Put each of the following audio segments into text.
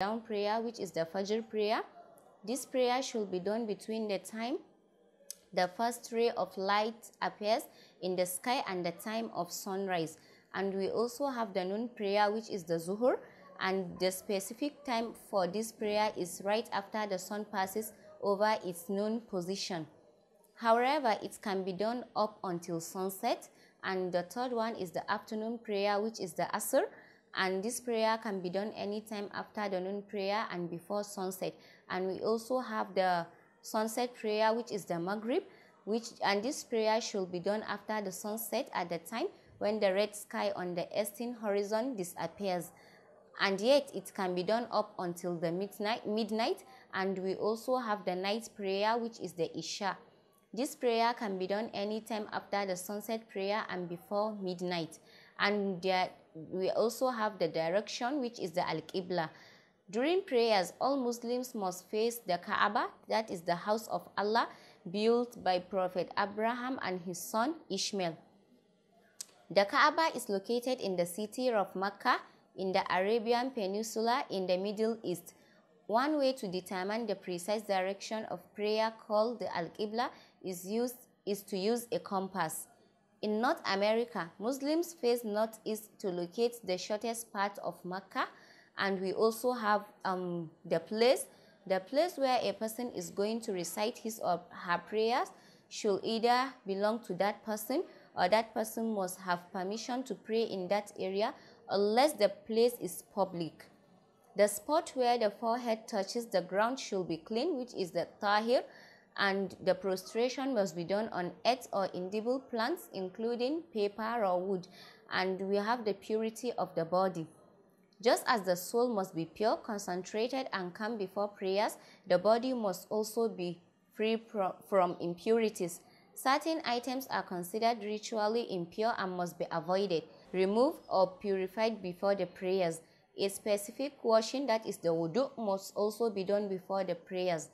down prayer which is the Fajr prayer. This prayer should be done between the time the first ray of light appears in the sky and the time of sunrise. And we also have the noon prayer which is the Zuhur and the specific time for this prayer is right after the sun passes over its noon position. However, it can be done up until sunset. And the third one is the afternoon prayer, which is the Asr, and this prayer can be done anytime after the noon prayer and before sunset and we also have the sunset prayer which is the maghrib which and this prayer should be done after the sunset at the time when the red sky on the eastern horizon disappears and yet it can be done up until the midnight midnight and we also have the night prayer which is the isha this prayer can be done anytime after the sunset prayer and before midnight and there we also have the direction which is the Al-Qibla. During prayers, all Muslims must face the Kaaba, that is the house of Allah, built by Prophet Abraham and his son Ishmael. The Kaaba is located in the city of Mecca in the Arabian Peninsula in the Middle East. One way to determine the precise direction of prayer called the Al-Qibla is, is to use a compass. In North America, Muslims face northeast to locate the shortest part of Mecca, and we also have um, the place, the place where a person is going to recite his or her prayers should either belong to that person or that person must have permission to pray in that area unless the place is public. The spot where the forehead touches the ground should be clean, which is the tahir, and the prostration must be done on earth or edible plants including paper or wood and we have the purity of the body. Just as the soul must be pure, concentrated and calm before prayers, the body must also be free from impurities. Certain items are considered ritually impure and must be avoided, removed or purified before the prayers. A specific washing that is the wudu must also be done before the prayers.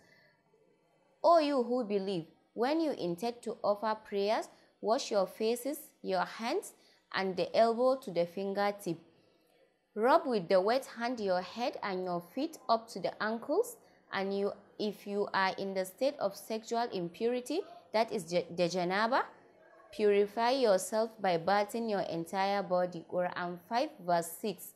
O you who believe, when you intend to offer prayers, wash your faces, your hands, and the elbow to the fingertip. Rub with the wet hand your head and your feet up to the ankles, and you, if you are in the state of sexual impurity, that is the janaba, purify yourself by bathing your entire body. Quran 5 verse 6.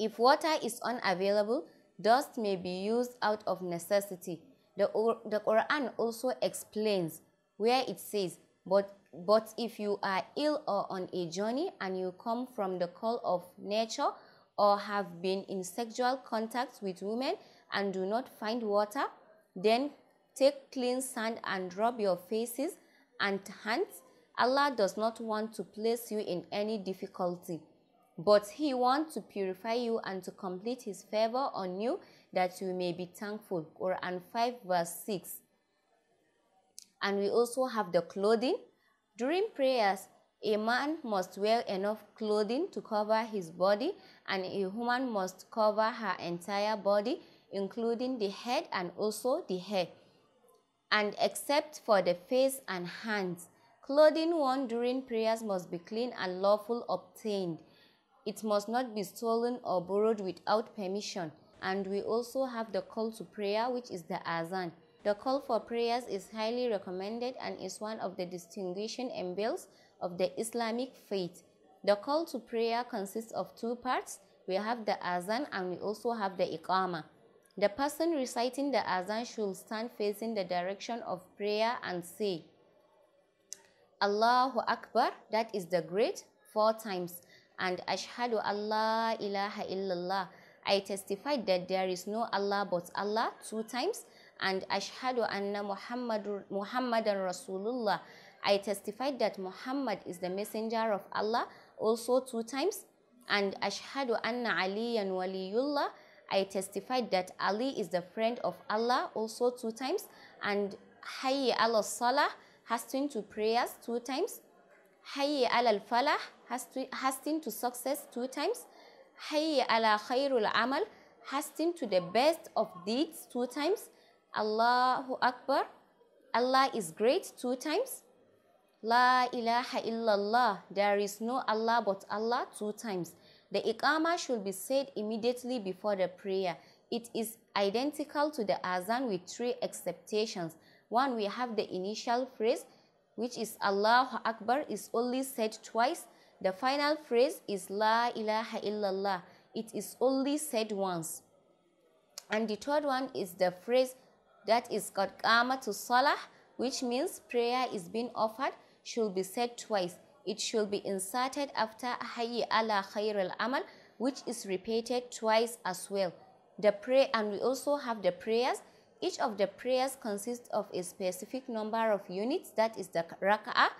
If water is unavailable, dust may be used out of necessity. The, the Quran also explains where it says, but, but if you are ill or on a journey and you come from the call of nature or have been in sexual contact with women and do not find water, then take clean sand and rub your faces and hands. Allah does not want to place you in any difficulty, but He wants to purify you and to complete His favor on you that you may be thankful. Quran 5, verse 6. And we also have the clothing. During prayers, a man must wear enough clothing to cover his body, and a woman must cover her entire body, including the head and also the hair, and except for the face and hands. Clothing worn during prayers must be clean and lawful obtained. It must not be stolen or borrowed without permission and we also have the call to prayer which is the azan the call for prayers is highly recommended and is one of the distinguishing emblems of the Islamic faith. The call to prayer consists of two parts. We have the azan and we also have the iqama. The person reciting the azan should stand facing the direction of prayer and say, Allahu Akbar, that is the great, four times, and Ashhadu Allah ilaha illallah, I testified that there is no Allah but Allah two times and Ashhadu anna Muhammadan Rasulullah. I testified that Muhammad is the messenger of Allah also two times and Ashhadu anna Aliyan waliyullah. I testified that Ali is the friend of Allah also two times and Hayy ala salah hasten to prayers two times. Hayy ala falah hasten to success two times. Hayy ala khairul amal. Hasten to the best of deeds two times. Allahu Akbar. Allah is great two times. La ilaha illallah. There is no Allah but Allah two times. The iqamah should be said immediately before the prayer. It is identical to the azan with three exceptions. One, we have the initial phrase, which is Allahu Akbar, is only said twice. The final phrase is La ilaha illallah. It is only said once. And the third one is the phrase that is called to Salah, which means prayer is being offered, should be said twice. It should be inserted after Hayy ala khair al amal, which is repeated twice as well. The prayer, and we also have the prayers. Each of the prayers consists of a specific number of units, that is the rak'ah,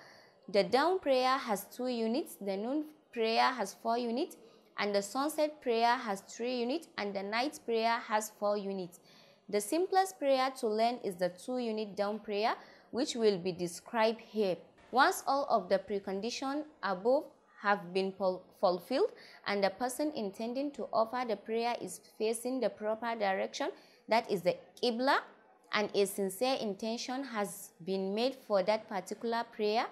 the dawn prayer has two units, the noon prayer has four units, and the sunset prayer has three units, and the night prayer has four units. The simplest prayer to learn is the two unit dawn prayer, which will be described here. Once all of the preconditions above have been fulfilled and the person intending to offer the prayer is facing the proper direction, that is the Qibla, and a sincere intention has been made for that particular prayer,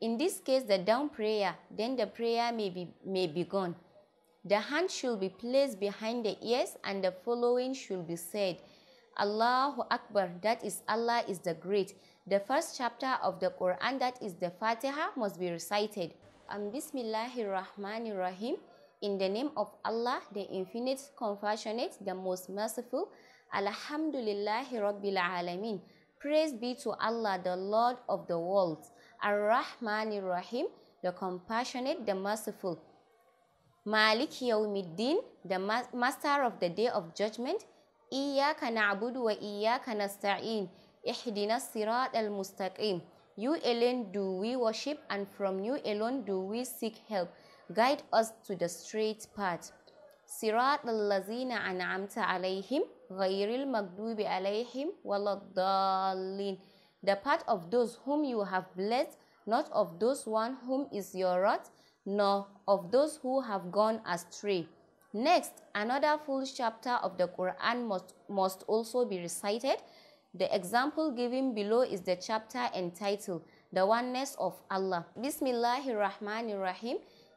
in this case, the down prayer, then the prayer may be may be gone. The hand should be placed behind the ears and the following should be said. Allahu Akbar, that is Allah is the Great. The first chapter of the Quran, that is the Fatiha, must be recited. Um, Bismillahirrahmanirrahim. In the name of Allah, the infinite, compassionate, the most merciful. Alhamdulillahi Rabbil Alameen. Praise be to Allah, the Lord of the worlds. Ar-Rahmanir Rahim, the compassionate, the merciful. Malik Yawmiddin, the master of the day of judgment. Iyaka na'budu wa iyaka nasta'in. Ihdina sirat al-mustaqim. You alone do we worship and from you alone do we seek help. Guide us to the straight path. صراط الذين أنعمت عليهم غير المغضوب عليهم ولا الضالين the part of those whom you have blessed, not of those one whom is your wrath, nor of those who have gone astray. Next, another full chapter of the Quran must, must also be recited. The example given below is the chapter entitled The Oneness of Allah. Bismillahirrahmanirrahim.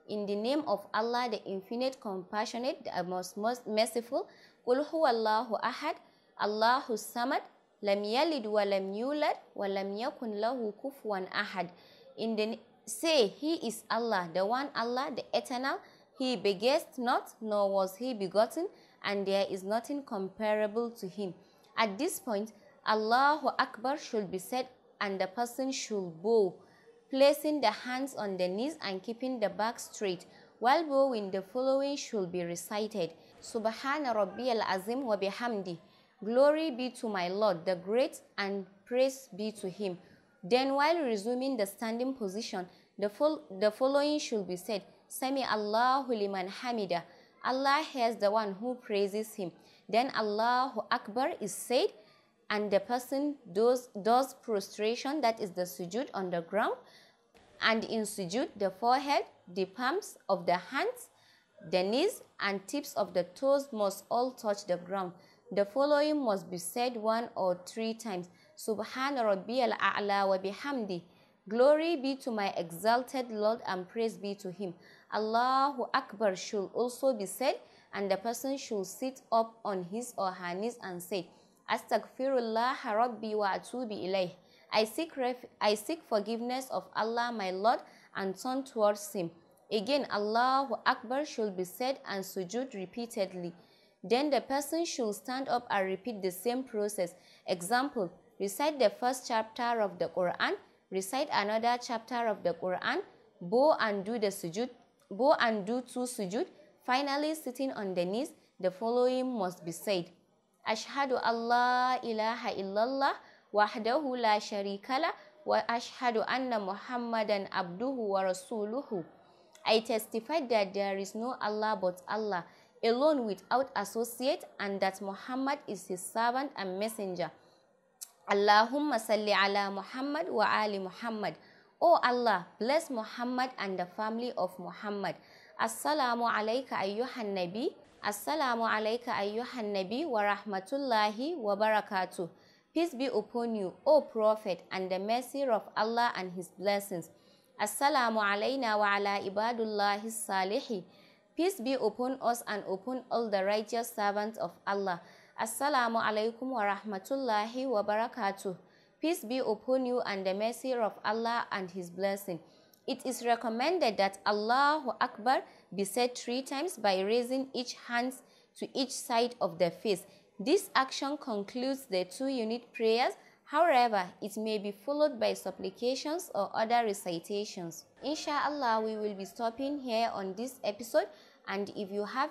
In the name of Allah, the infinite, compassionate, the most, most merciful. Qul huwallahu ahad, Allahu samad, lam yalid wa lam yulad wa lam yakun lahu kufuwan ahad. In the say he is Allah, the one Allah, the eternal. He begets not, nor was he begotten, and there is nothing comparable to him. At this point, Allahu Akbar should be said and the person should bow, placing the hands on the knees and keeping the back straight. While bowing, the following should be recited. Subhana Rabbiyal Azim wa bihamdi. Glory be to my Lord the great, and praise be to him. Then, while resuming the standing position, the, fol the following should be said Sami Allahu liman hamida. Allah hears the one who praises him. Then Allahu Akbar is said, and the person does, does prostration, that is the sujud on the ground. And in sujud, the forehead, the palms of the hands, the knees, and tips of the toes must all touch the ground. The following must be said one or three times. Subhan al A'la wa bihamdi. Glory be to my exalted Lord and praise be to him. Allahu Akbar should also be said and the person should sit up on his or her knees and say, Astaghfirullah Rabbi wa atubi ilayh. I seek, I seek forgiveness of Allah my Lord and turn towards him. Again, Allahu Akbar should be said and sujood repeatedly. Then the person should stand up and repeat the same process. Example, recite the first chapter of the Quran, recite another chapter of the Quran, bow and do the sujud, bow and do two sujud. Finally, sitting on the knees, the following must be said. أشهد Allah ilaha illallah وحده لا شريك له anna Muhammadan abduhu wa rasuluhu. I testify that there is no Allah but Allah alone without associate, and that Muhammad is his servant and messenger. Allahumma salli ala Muhammad wa ali Muhammad. O oh Allah, bless Muhammad and the family of Muhammad. Assalamu alayka ayyuhan nabi. Assalamu alayka ayyuhan nabi wa rahmatullahi wa barakatuh. Peace be upon you, O Prophet, and the mercy of Allah and His blessings. Assalamu alayna wa ala ibadullahi salihi. Peace be upon us and upon all the righteous servants of Allah. Assalamu alaikum wa rahmatullahi wa barakatuh. Peace be upon you and the mercy of Allah and His blessing. It is recommended that Allahu Akbar be said three times by raising each hand to each side of the face. This action concludes the two unit prayers. However, it may be followed by supplications or other recitations. Insha'Allah, we will be stopping here on this episode and if you have